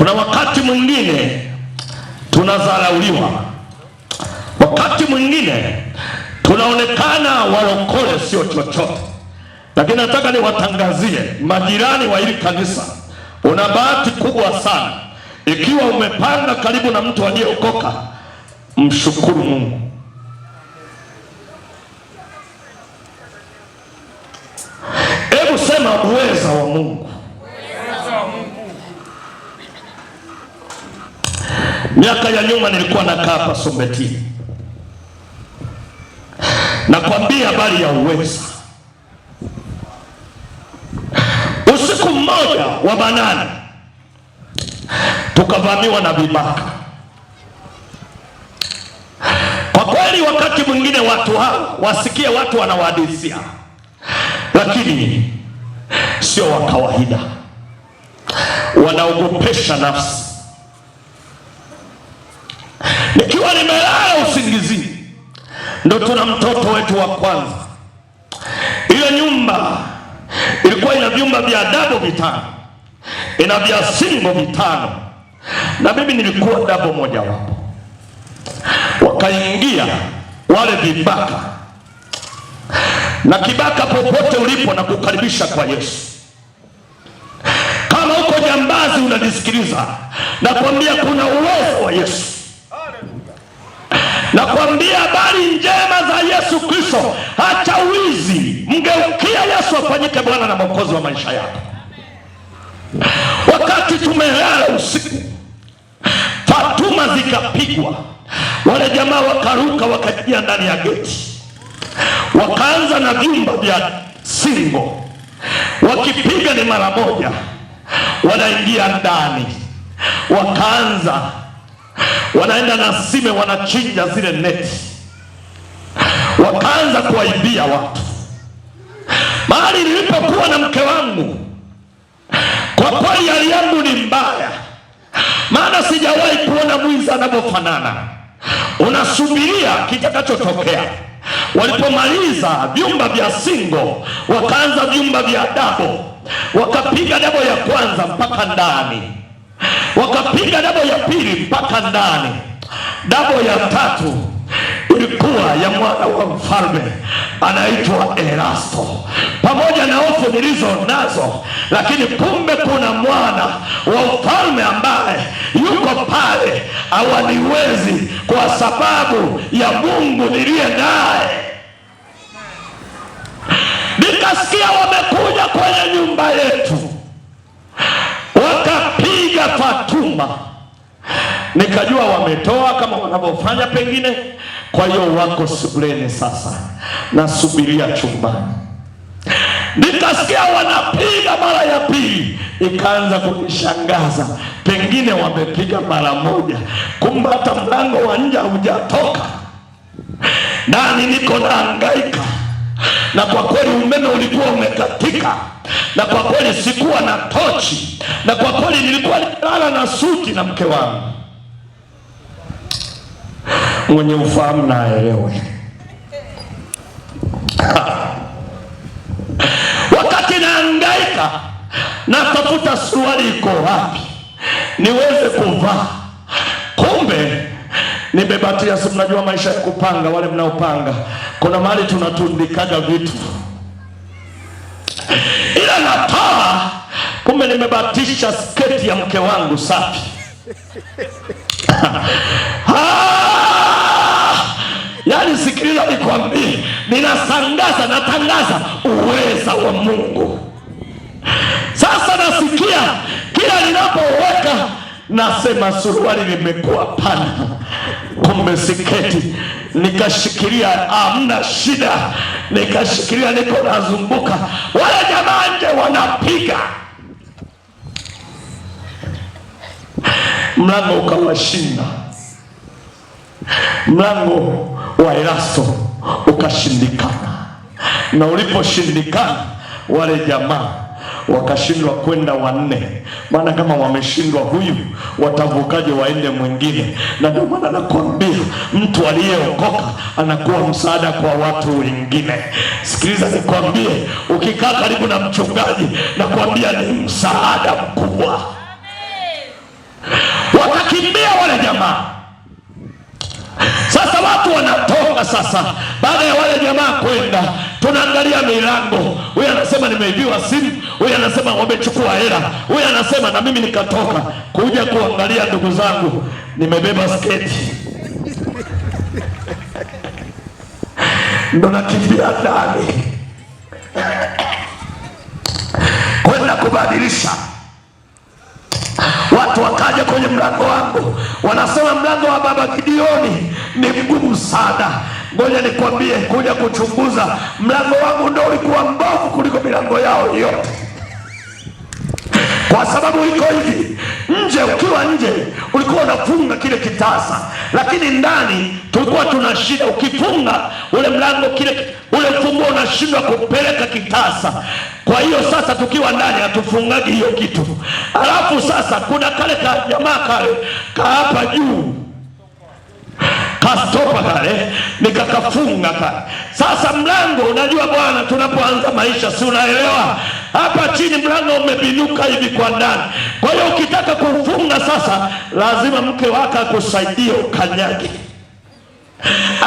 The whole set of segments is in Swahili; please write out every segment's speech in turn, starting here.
Kuna wakati mwingine tunadharauliwa, wakati mwingine tunaonekana walokole sio chochote, lakini nataka niwatangazie majirani wa hili kanisa, una bahati kubwa sana ikiwa umepanga karibu na mtu aliyeokoka, mshukuru Mungu. Hebu sema uweza wa Mungu. Miaka ya nyuma nilikuwa nakaa hapa Sombetini, nakwambia habari ya uweza. Usiku mmoja wa manane tukavamiwa na vibaka. Kwa kweli, wakati mwingine watu hao wasikie watu wanawadisia, lakini sio wa kawaida, wanaogopesha nafsi nikiwa nimelala usingizini, ndo tuna mtoto wetu wa kwanza. Ile nyumba ilikuwa ina vyumba vya dabo vitano, ina vya singo vitano, na mimi nilikuwa dabo mojawapo. Wakaingia wale vibaka, na kibaka popote ulipo na kukaribisha kwa Yesu kama uko jambazi unanisikiliza, nakwambia kuna uwezo wa Yesu na kuambia habari njema za Yesu Kristo. Hata wizi, mgeukia Yesu afanyike Bwana na Mwokozi wa maisha yako. Wakati tumelala usiku, Fatuma zikapigwa, wale jamaa wakaruka, wakaingia ndani ya geti, wakaanza na vyumba vya singo, wakipiga ni mara moja, wanaingia ndani, wakaanza wanaenda na sime wanachinja zile neti, wakaanza kuwaibia watu. Mahali nilipokuwa na mke wangu, kwa kweli hali yangu ni mbaya, maana sijawahi kuona mwizi anavyofanana. Unasubiria kitakachotokea. Walipomaliza vyumba vya singo, wakaanza vyumba vya dabo, wakapiga dabo ya kwanza mpaka ndani wakapiga dabo ya pili mpaka ndani. Dabo ya tatu ilikuwa ya mwana wa mfalme anaitwa Erasto, pamoja na hofu nilizo nazo, lakini kumbe kuna mwana wa mfalme ambaye yuko pale, awaniwezi kwa sababu ya Mungu niliye naye. Nikasikia wamekuja kwenye nyumba yetu kuomba, nikajua wametoa kama wanavyofanya pengine. Kwa hiyo wako sebuleni sasa, nasubiria chumbani. Nikasikia wanapiga mara ya pili, ikaanza kunishangaza. Pengine wamepiga mara moja, kumbe hata mlango wa nje haujatoka, nani niko naangaika na kwa kweli umeme ulikuwa umekatika, na kwa kweli sikuwa na tochi, na kwa kweli nilikuwa nilala na suti na mke wangu. Mwenye ufahamu na aelewe. Wakati naangaika natafuta suruali iko wapi niweze kuvaa, kumbe nimebatia. Si mnajua maisha ya kupanga, wale mnaopanga, kuna mahali tunatundikaga vitu, ila natoa, kumbe nimebatisha sketi ya mke wangu safi ah! Yaani, sikiliza nikwambie, ninasangaza natangaza uweza wa Mungu. Sasa nasikia kila ninapoweka nasema suruali limekuwa pana, kumbe siketi nikashikilia, hamna shida, nikashikilia, niko nazunguka, wale jamaa nje wanapiga mlango, ukawashinda mlango wa Erasto ukashindikana, na uliposhindikana wale jamaa wakashindwa kwenda wanne. Maana kama wameshindwa huyu, watavukaje waende mwingine? Na ndio maana nakwambia mtu aliyeokoka anakuwa msaada kwa watu wengine. Sikiliza nikwambie, ukikaa karibu na mchungaji, nakwambia ni msaada mkubwa. wakakimbia wale jamaa kwamba sasa baada ya wale jamaa kwenda, tunaangalia milango. Huyu anasema nimeibiwa simu, huyu anasema wamechukua hela, huyu anasema na mimi nikatoka kuja kuangalia. Ndugu zangu, nimebeba sketi ndo nakimbia ndani kwenda kubadilisha watu wakaja kwenye mlango wangu, wanasema mlango wa baba Gideoni ni mgumu sana. Ngoja nikwambie, kuja kuchunguza mlango wangu ndio ulikuwa mbovu kuliko milango yao yote kwa sababu iko hivi nje. Ukiwa nje ulikuwa unafunga kile kitasa, lakini ndani tulikuwa tuna shida. Ukifunga ule mlango kile ule ufunguo unashindwa kupeleka kitasa. Kwa hiyo sasa tukiwa ndani hatufungagi hiyo kitu. Alafu sasa kuna kale ka jamaa kale ka hapa juu kastopa kale nikakafunga kale. Sasa mlango, unajua bwana, tunapoanza maisha, si unaelewa hapa chini mlango umebinuka hivi kwa ndani. Kwa hiyo ukitaka kufunga sasa, lazima mke wako akusaidie ukanyage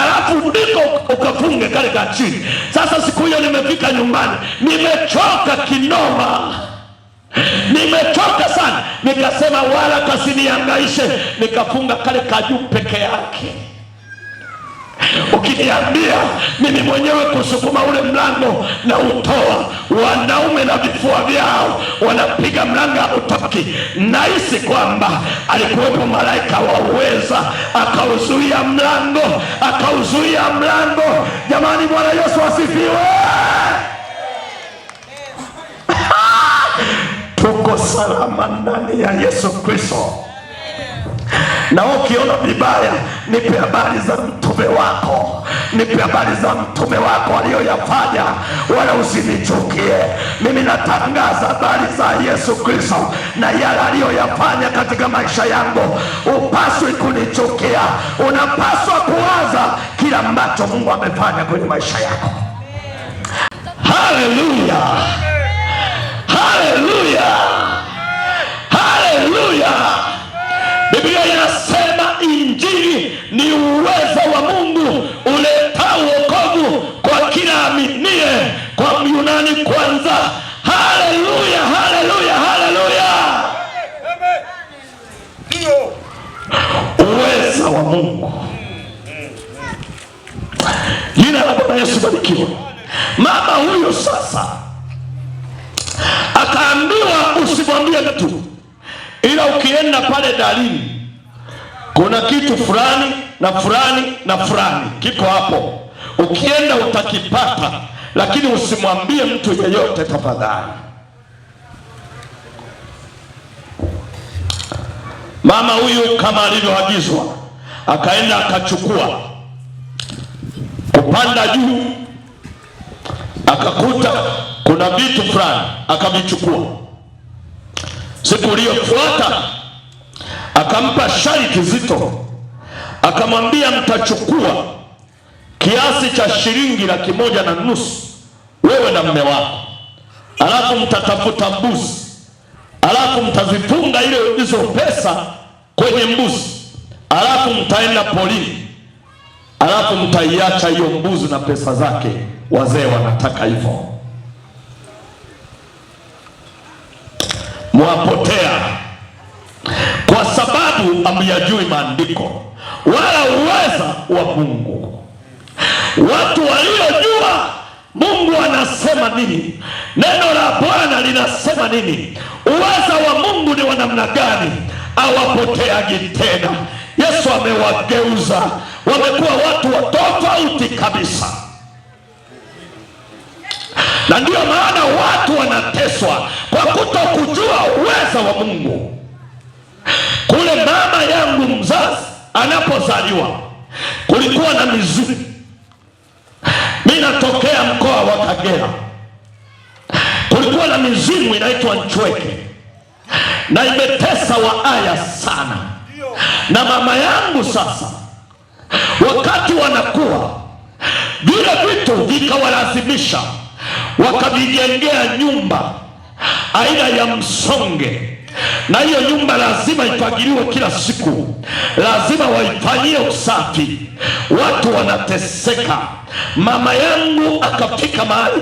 alafu ndiko ukafunge kale ka chini. Sasa siku hiyo nimefika nyumbani, nimechoka kinoma, nimechoka sana, nikasema wala kasiniangaishe, nikafunga kale ka juu peke yake ukiniambia mimi mwenyewe kusukuma ule mlango na utoa, wanaume na vifua vyao wanapiga mlango hautoki. Nahisi kwamba alikuwepo malaika wa uweza, akauzuia mlango, akauzuia mlango. Jamani, Bwana Yesu asifiwe! Ah! Tuko salama ndani ya Yesu Kristo na ukiona vibaya, nipe habari za mtume wako, nipe habari za mtume wako aliyoyafanya, wala usinichukie mimi. Natangaza habari za Yesu Kristo na yale aliyoyafanya katika maisha yangu. Upaswi kunichukia, unapaswa kuwaza kila ambacho Mungu amefanya kwenye maisha yako. Haleluya, haleluya, haleluya. Biblia Injili ni uwezo wa Mungu uletao wokovu kwa kila aminiye, kwa Myunani kwanza. Haleluya, haleluya, haleluya! Ndio uwezo wa Mungu. Jina la Bwana Yesu barikiwe. Mama huyo sasa akaambiwa usimwambie mtu, ila ukienda pale dalili kuna kitu fulani na fulani na fulani kiko hapo, ukienda utakipata, lakini usimwambie mtu yeyote tafadhali. Mama huyu kama alivyoagizwa, akaenda akachukua kupanda juu, akakuta kuna vitu fulani, akavichukua. Siku iliyofuata akampa sharti zito, akamwambia mtachukua kiasi cha shilingi laki moja na nusu wewe na mme wako, alafu mtatafuta mbuzi, alafu mtazifunga ile hizo pesa kwenye mbuzi, alafu mtaenda polini, alafu mtaiacha hiyo mbuzi na pesa zake. Wazee wanataka hivyo, mwapotea kwa sababu hamyajui maandiko wala uweza wa Mungu. Watu waliojua Mungu anasema nini, neno la Bwana linasema nini, uweza wa Mungu ni wa namna gani, awapoteaji tena. Yesu amewageuza, wamekuwa watu wa tofauti kabisa, na ndiyo maana watu wanateswa kwa kutokujua uweza wa Mungu kule mama yangu mzazi anapozaliwa kulikuwa na mizuri. Mimi natokea mkoa wa Kagera, kulikuwa na mizimu inaitwa nchweke na imetesa aya sana, na mama yangu sasa, wakati wanakuwa vile vitu vikawalazimisha wakavijengea nyumba aina ya msonge na hiyo nyumba lazima ifagiliwe kila siku, lazima waifanyie usafi. Watu wanateseka. Mama yangu akafika mahali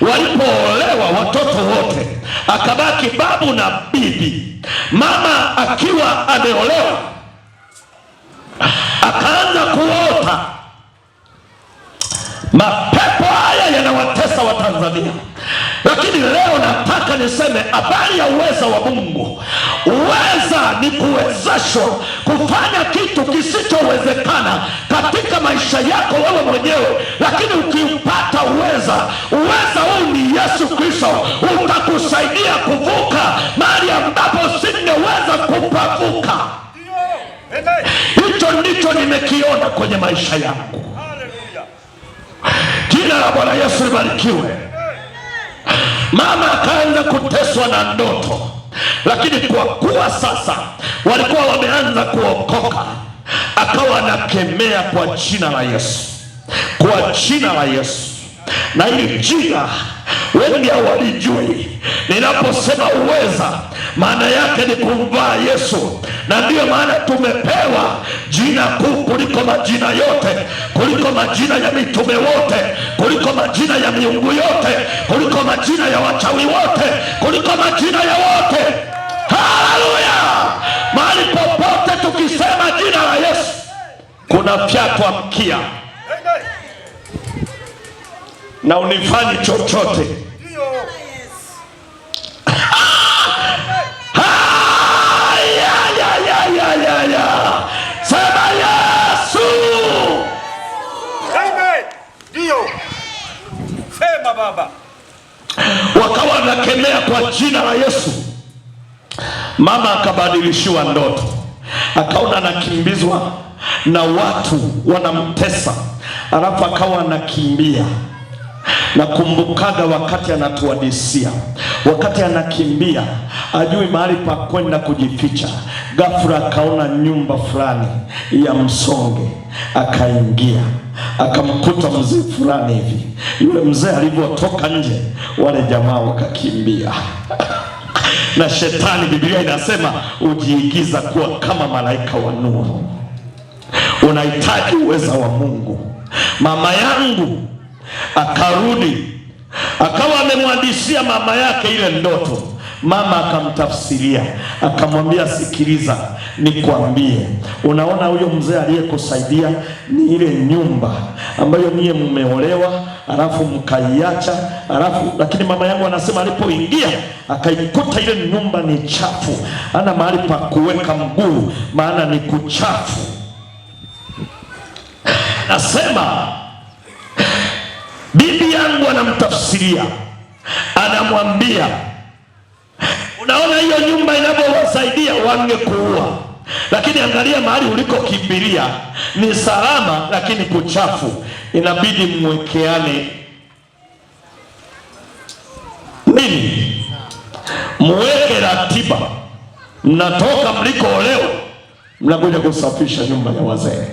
walipoolewa watoto wote, akabaki babu na bibi. Mama akiwa ameolewa akaanza kuota mapema kuwatesa tanzania lakini leo nataka niseme habari ya uweza wa Mungu. Uweza ni kuwezeshwa kufanya kitu kisichowezekana katika maisha yako wewe mwenyewe, lakini ukiupata uweza, uweza huu ni Yesu Kristo, utakusaidia kuvuka mahali ambapo singeweza kupavuka. Hicho ndicho nimekiona kwenye maisha yangu. Jina la Bwana Yesu libarikiwe. Mama akaanza kuteswa na ndoto, lakini kwa kuwa sasa walikuwa wameanza kuokoka, akawa anakemea kwa jina la Yesu, kwa jina la Yesu. Na hili jina wengi hawalijui. Ninaposema uweza, maana yake ni kumvaa Yesu na ndiyo maana tumepewa jina kuu kuliko majina yote, kuliko majina ya mitume wote, kuliko majina ya miungu yote, kuliko majina ya wachawi wote, kuliko majina ya wote. Haleluya! mahali popote tukisema jina la Yesu kuna fyatwa mkia na unifanyi chochote yeye. Sema Yesu. Amen. Ndio. Sema Baba. Wakawa wanakemea kwa jina la Yesu. Mama akabadilishiwa ndoto, akaona anakimbizwa na watu wanamtesa, alafu akawa anakimbia Nakumbukaga wakati anatuadisia, wakati anakimbia ajui mahali pa kwenda kujificha, ghafla akaona nyumba fulani ya msonge, akaingia akamkuta mzee fulani hivi. Yule mzee alivyotoka nje, wale jamaa wakakimbia. na shetani, Biblia inasema ujiigiza kuwa kama malaika wa nuru. Unahitaji uweza wa Mungu. Mama yangu Akarudi akawa amemwandishia mama yake ile ndoto. Mama akamtafsiria akamwambia, sikiliza, nikwambie, unaona huyo mzee aliyekusaidia ni ile nyumba ambayo niye mmeolewa alafu mkaiacha, alafu lakini mama yangu anasema alipoingia akaikuta ile nyumba ni chafu, ana mahali pa kuweka mguu, maana ni kuchafu. Nasema Bibi yangu anamtafsiria, anamwambia, unaona hiyo nyumba inavyowasaidia, wangekuua lakini angalia mahali ulikokimbilia ni salama, lakini kuchafu, inabidi mwekeane nini? Muweke ratiba, mnatoka mlikoolewa, mnakuja kusafisha nyumba ya wazee.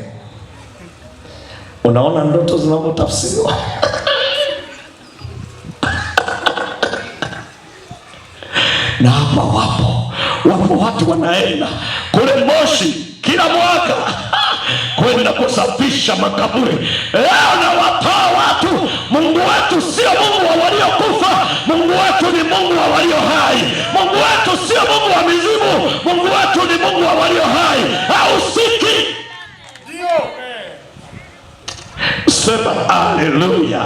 Unaona ndoto zinavyotafsiriwa. na hapa wapo, wapo watu wanaenda kule Moshi kila mwaka kwenda kusafisha makaburi. Leo nawatoa watu. Mungu wetu sio Mungu wa waliokufa, Mungu wetu ni Mungu wa walio hai. Mungu wetu sio Mungu wa mizimu, Mungu wetu ni Mungu wa walio hai. Hausiki? Sema haleluya!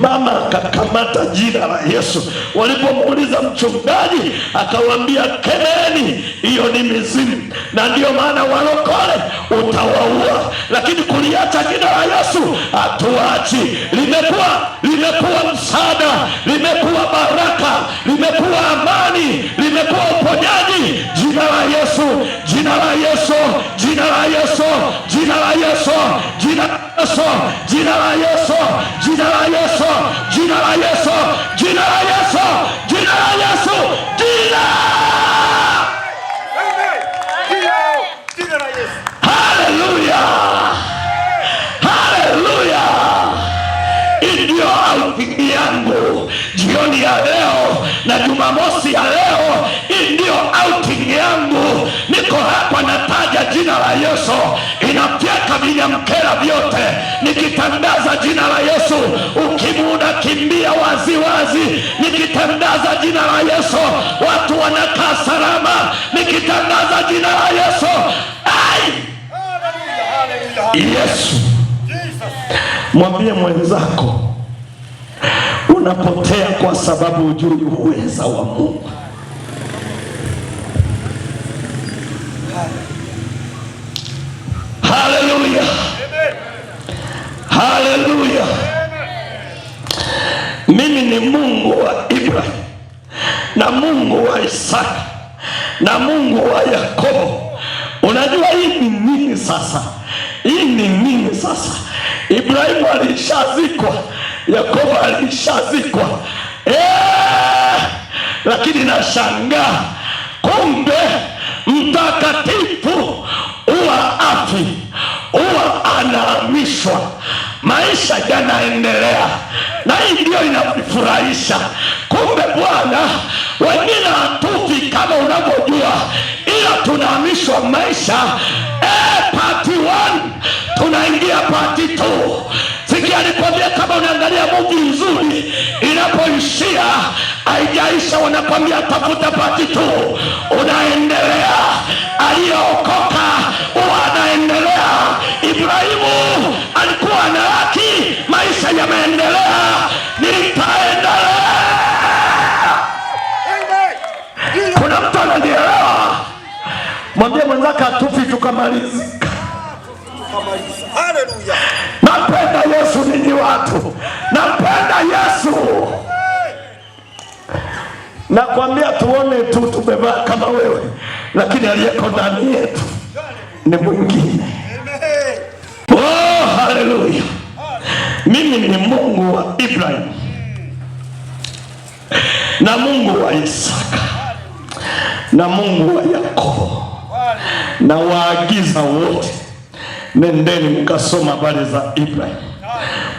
Mama akakamata jina la Yesu. Walipomuuliza mchungaji, akawaambia kemeni, hiyo ni mizimu, na ndiyo maana walokole utawaua, lakini kuliacha jina la Yesu hatuachi. Limekuwa limekuwa msaada, limekuwa baraka, limekuwa amani, limekuwa uponyaji, jina la Yesu, jina la Yesu, jina la Yesu, jina la Yesu. Jina la Yesu, jina la Yesu, jina la Yesu, jina la Yesu, jina la Yesu, jina la Yesu, jina haleluya, haleluya. Hii yangu jioni ya leo na Jumamosi ya leo. Hii outing yangu, niko hapa jina la Yesu inafyeka vinyamkela vyote, nikitangaza jina la Yesu ukimwi unakimbia waziwazi, nikitangaza jina la Yesu watu wanakaa salama, nikitangaza jina la Yesu. Yesu, mwambie mwenzako unapotea kwa sababu hujui uweza wa Mungu. Haleluya, haleluya. Mimi ni Mungu wa Ibrahim na Mungu wa Isaka na Mungu wa Yakobo. Unajua hii ni nini sasa? Hii ni nini sasa? Ibrahimu alishazikwa, Yakobo alishazikwa, eh, Lakini nashangaa kumbe mtakatifu yanahamishwa, maisha yanaendelea, na hii ndiyo inafurahisha. Kumbe Bwana, wengine hatufi kama unavyojua, ila tunahamishwa maisha. E, eh, pati one tunaingia pati two. Sikia nikwambia, kama unaangalia muvi nzuri inapoishia haijaisha, wanakwambia tafuta pati two, unaendelea. Aliyeokoka huwa anaendelea Ibrahimu alikuwa na haki, maisha yameendelea, Nitaenda. Kuna mtu ananielewa? Mwambie mwenzake atufi, tukamalizika. Nampenda Yesu, ninyi watu, nampenda Yesu. Nakwambia tuone tu tumevaa kama wewe, lakini aliyeko ndani yetu ni mwingine. Haleluya! Mimi ni Mungu wa Ibrahim na Mungu wa Isaka na Mungu wa Yakobo, na waagiza wote, nendeni mkasoma habari za Ibrahim,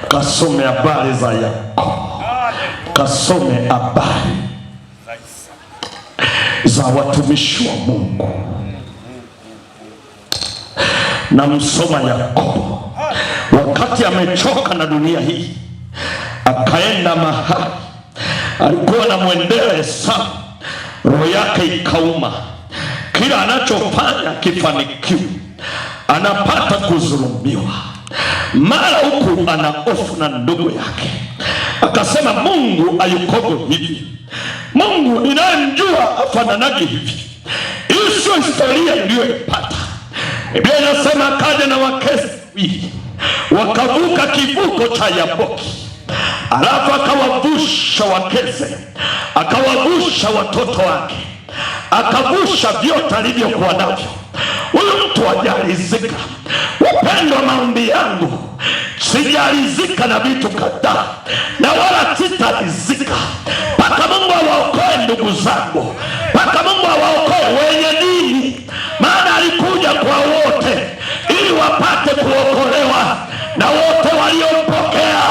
mkasome habari za Yakobo, mkasome habari za watumishi wa Mungu na msoma Yakobo wakati amechoka na dunia hii, akaenda mahali alikuwa na mwendea hesabu, roho yake ikauma. Kila anachofanya kifanikiwa, anapata kudhulumiwa, mara huku ana hofu na ndugu yake. Akasema Mungu ayukogo hivi, Mungu inayemjua afananaje hivi? Hiyo sio historia iliyoipata. Biblia inasema kaja na wakesi wili wakavuka kivuko cha Yaboki alafu akawavusha wakeze, akawavusha watoto wake, akavusha vyote alivyokuwa navyo. Huyu mtu hajalizika, wapendwa, maombi yangu sijalizika na vitu kadhaa, na wala sitalizika mpaka Mungu awaokoe ndugu zangu, mpaka Mungu awaokoe wenye dini, maana alikuja kwa wote ili wapate kuokolewa na wote waliompokea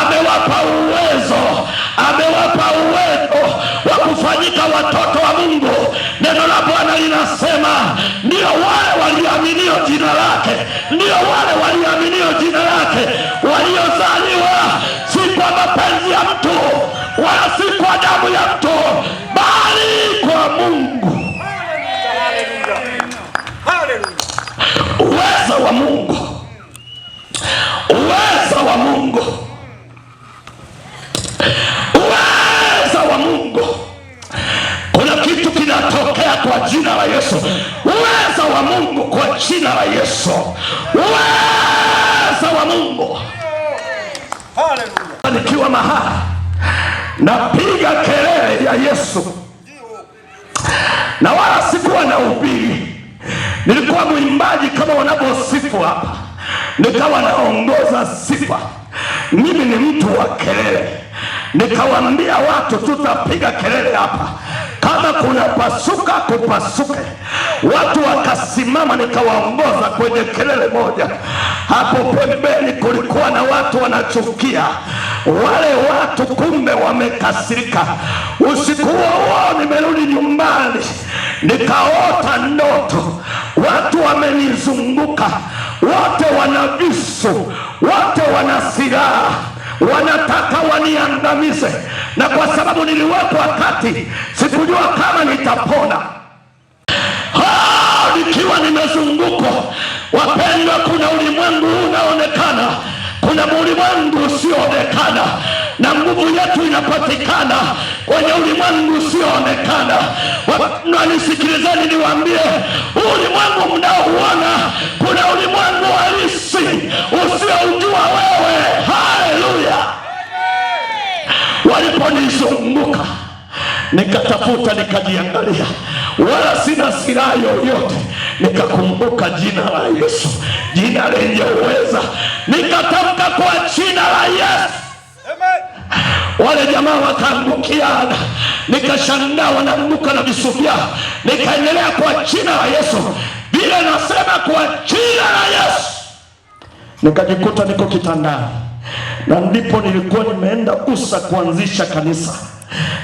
amewapa uwezo, amewapa uwezo wa kufanyika watoto wa Mungu. Neno la Bwana linasema ndio wale walioaminio jina lake, ndio wale walioaminio jina lake, waliozaliwa si kwa mapenzi ya mtu wala si kwa damu ya mtu, bali kwa Mungu. Uwezo wa Mungu Uweza wa Mungu, uweza wa Mungu. Kuna kitu kinatokea kwa jina la Yesu. Uweza wa Mungu kwa jina la Yesu, uweza wa Mungu. Nikiwa mahali napiga kelele ya Yesu na wala sikuwa na ubiri, nilikuwa mwimbaji kama wanavyosifu hapa nikawa naongoza sifa. Mimi ni mtu wa kelele, nikawaambia watu tutapiga kelele hapa, kama kuna pasuka kupasuke. Watu wakasimama, nikawaongoza kwenye kelele moja. Hapo pembeni kulikuwa na watu wanachukia wale watu kumbe wamekasirika. Usiku huo nimerudi nyumbani, nikaota ndoto watu wamenizunguka wote wana visu, wote wana silaha, wanataka waniangamize, na kwa sababu niliwepo wakati sikujua kama nitapona. nikiwa nimezungukwa, wapendwa, kuna ulimwengu unaonekana, kuna ulimwengu na nguvu yetu inapatikana kwenye ulimwengu usioonekana. Nanisikilizeni niwaambie, ulimwengu mnaouona kuna ulimwengu halisi usioujua wewe. Haleluya! Waliponizunguka nikatafuta, nikajiangalia, wala sina silaha yoyote nikakumbuka jina la Yesu, jina lenye uweza, nikatamka kwa jina la Yesu wale jamaa wakaangukia, nikashangaa wanaanguka na visufia, nikaendelea kwa jina la Yesu, vile nasema kwa jina la Yesu, nikajikuta niko kitandani, na ndipo nilikuwa nimeenda USA kuanzisha kanisa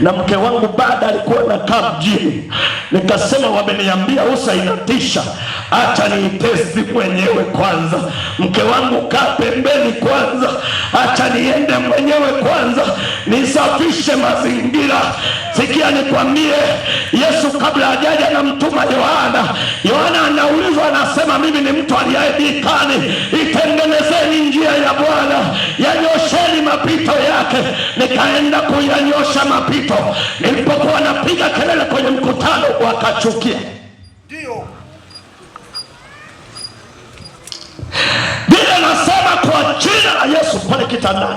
na mke wangu baada alikuwa na mjini, nikasema wameniambia usa inatisha, acha niitesti mwenyewe kwanza. Mke wangu kaa pembeni kwanza, acha niende mwenyewe kwanza, nisafishe mazingira Sikia nikwambie, Yesu kabla hajaja na mtuma Yohana, Yohana anaulizwa anasema, mimi ni mtu aliaye itengenezeni njia ya Bwana, yanyosheni mapito yake. Nikaenda kuyanyosha mapito. Nilipokuwa napiga kelele kwenye mkutano, wakachukia ndio Biblia nasema kwa jina la Yesu pale kitandani,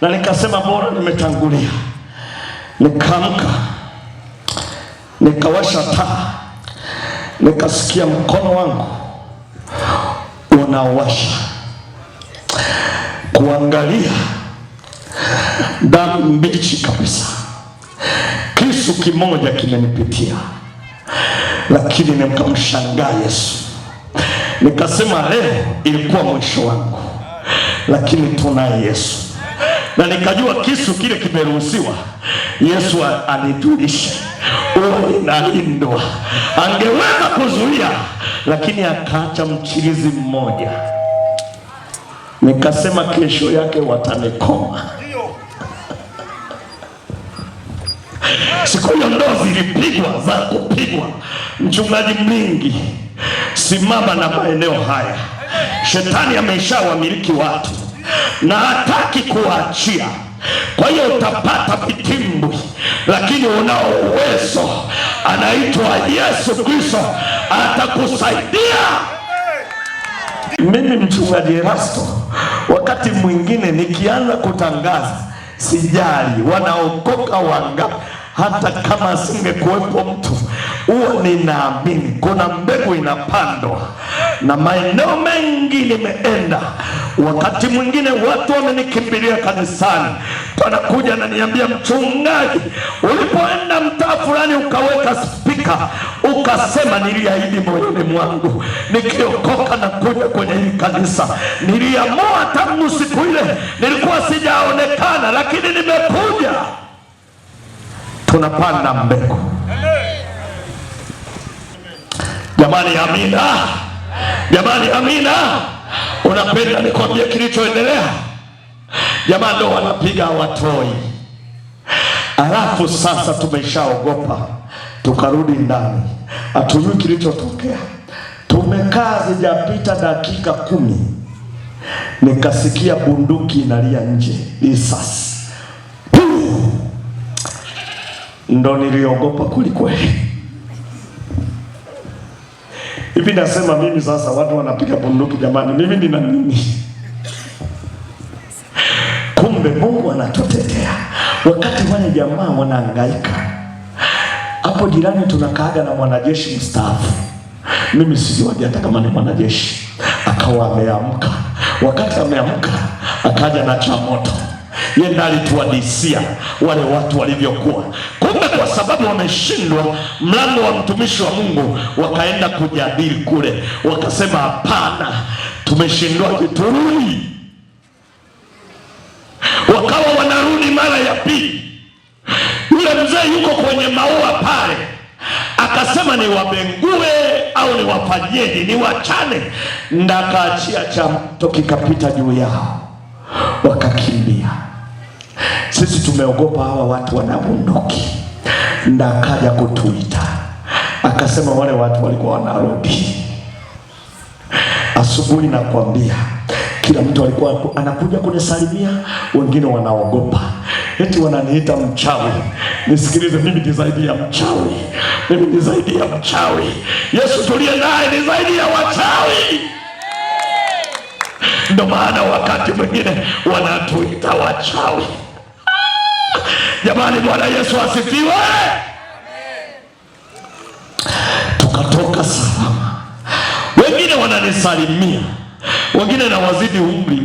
na nikasema bora nimetangulia. Nikaamka, nikawasha taa, nikasikia mkono wangu unawasha. Kuangalia damu mbichi kabisa, kisu kimoja kimenipitia, lakini nikamshangaa Yesu. Nikasema leo ilikuwa mwisho wangu, lakini tunaye Yesu na nikajua kisu kile kimeruhusiwa. Yesu alitulisha uwe na angeweza kuzuia, lakini akaacha mchirizi mmoja. Nikasema kesho yake watanikoma. Siku hiyo ndoo zilipigwa za kupigwa. Mchungaji Mlingi, simama na maeneo haya, shetani ameshawamiliki wamiliki watu na hataki kuachia Kwa hiyo utapata vitimbwi lakini unao uwezo. Anaitwa Yesu Kristo, atakusaidia. Mimi mchungaji Erasto, wakati mwingine nikianza kutangaza, sijali wanaokoka wangapi hata kama asingekuwepo mtu, huo ninaamini kuna mbegu inapandwa, na maeneo mengi nimeenda. Wakati mwingine watu wamenikimbilia kanisani, wanakuja ananiambia, mchungaji, ulipoenda mtaa fulani ukaweka spika ukasema, niliahidi moyoni mwangu nikiokoka na kuja kwenye hili kanisa, niliamua tangu siku ile, nilikuwa sijaonekana, lakini nimekuja tunapanda mbegu. Jamani, amina! Jamani, amina! Unapenda nikwambie kilichoendelea? Jamani, ndo wanapiga watoi, alafu sasa tumeshaogopa tukarudi ndani, hatujui kilichotokea. Tumekaa zijapita dakika kumi, nikasikia bunduki inalia nje, risasi ndo niliogopa kweli. Hivi nasema mimi sasa, watu wanapiga bunduki jamani, mimi nina nini? Kumbe Mungu anatutetea wakati wale jamaa wanaangaika hapo. Jirani tunakaaga na mwanajeshi mstaafu, mimi sijui hata kama ni mwanajeshi, akawa ameamka. Wakati ameamka, akaja na cha moto yeye ndiye wale watu walivyokuwa. Kumbe kwa sababu wameshindwa mlango wa mtumishi wa Mungu, wakaenda kujadili kule, wakasema hapana, tumeshindwa kiturudi. Wakawa wanarudi mara ya pili, yule mzee yuko kwenye maua pale, akasema ni wabengue au ni ni wachane Ndakaachia cha mto kikapita juu yao, wakakimbia. Sisi tumeogopa hawa watu wana na akaja kutuita akasema, wale watu walikuwa wanarudi asubuhi, nakwambia kila mtu alikuwa anakuja kunisalimia, wengine wanaogopa, eti wananiita mchawi. Nisikilize, mimi ni zaidi ya mchawi, mimi ni zaidi ya mchawi. Yesu tuliye naye ni zaidi ya wachawi. Ndio maana wakati mwingine wanatuita wachawi. Jamani, Bwana Yesu asifiwe. Tukatoka salama, wengine wananisalimia, wengine na wazidi umri,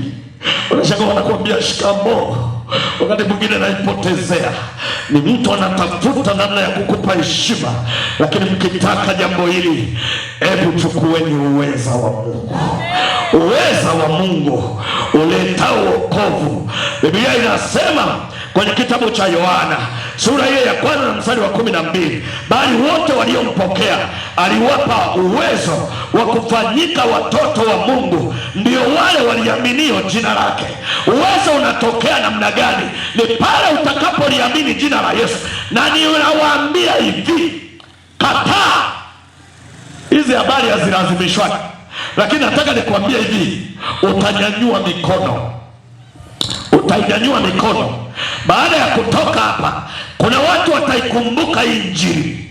wanashaka wanakuambia shikambo wakati mwingine naipotezea ni mtu anatafuta namna ya kukupa heshima, lakini mkitaka jambo hili, hebu chukueni uweza wa Mungu uweza wa Mungu uletao wokovu. Biblia inasema kwenye kitabu cha Yohana sura hiyo ya kwanza na mstari wa kumi na mbili bali wote waliompokea aliwapa uwezo wa kufanyika watoto wa Mungu, ndio wale waliaminio jina lake. Uwezo unatokea namna gani? Ni pale utakapoliamini jina la Yesu. Na ninawaambia hivi, kataa hizi habari hazilazimishwaki lakini nataka nikwambie hivi, utanyanyua mikono, utainyanyua mikono baada ya kutoka hapa. Kuna watu wataikumbuka Injili,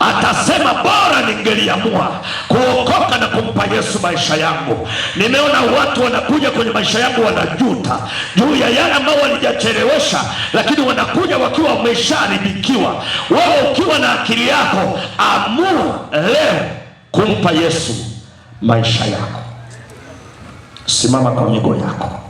atasema bora ningeliamua kuokoka na kumpa Yesu maisha yangu. Nimeona watu wanakuja kwenye maisha yangu wanajuta juu ya yale ambao walijachelewesha, lakini wanakuja wakiwa wameshaharibikiwa. Wewe ukiwa na akili yako, amua leo kumpa Yesu maisha yako, simama kwa miguu yako.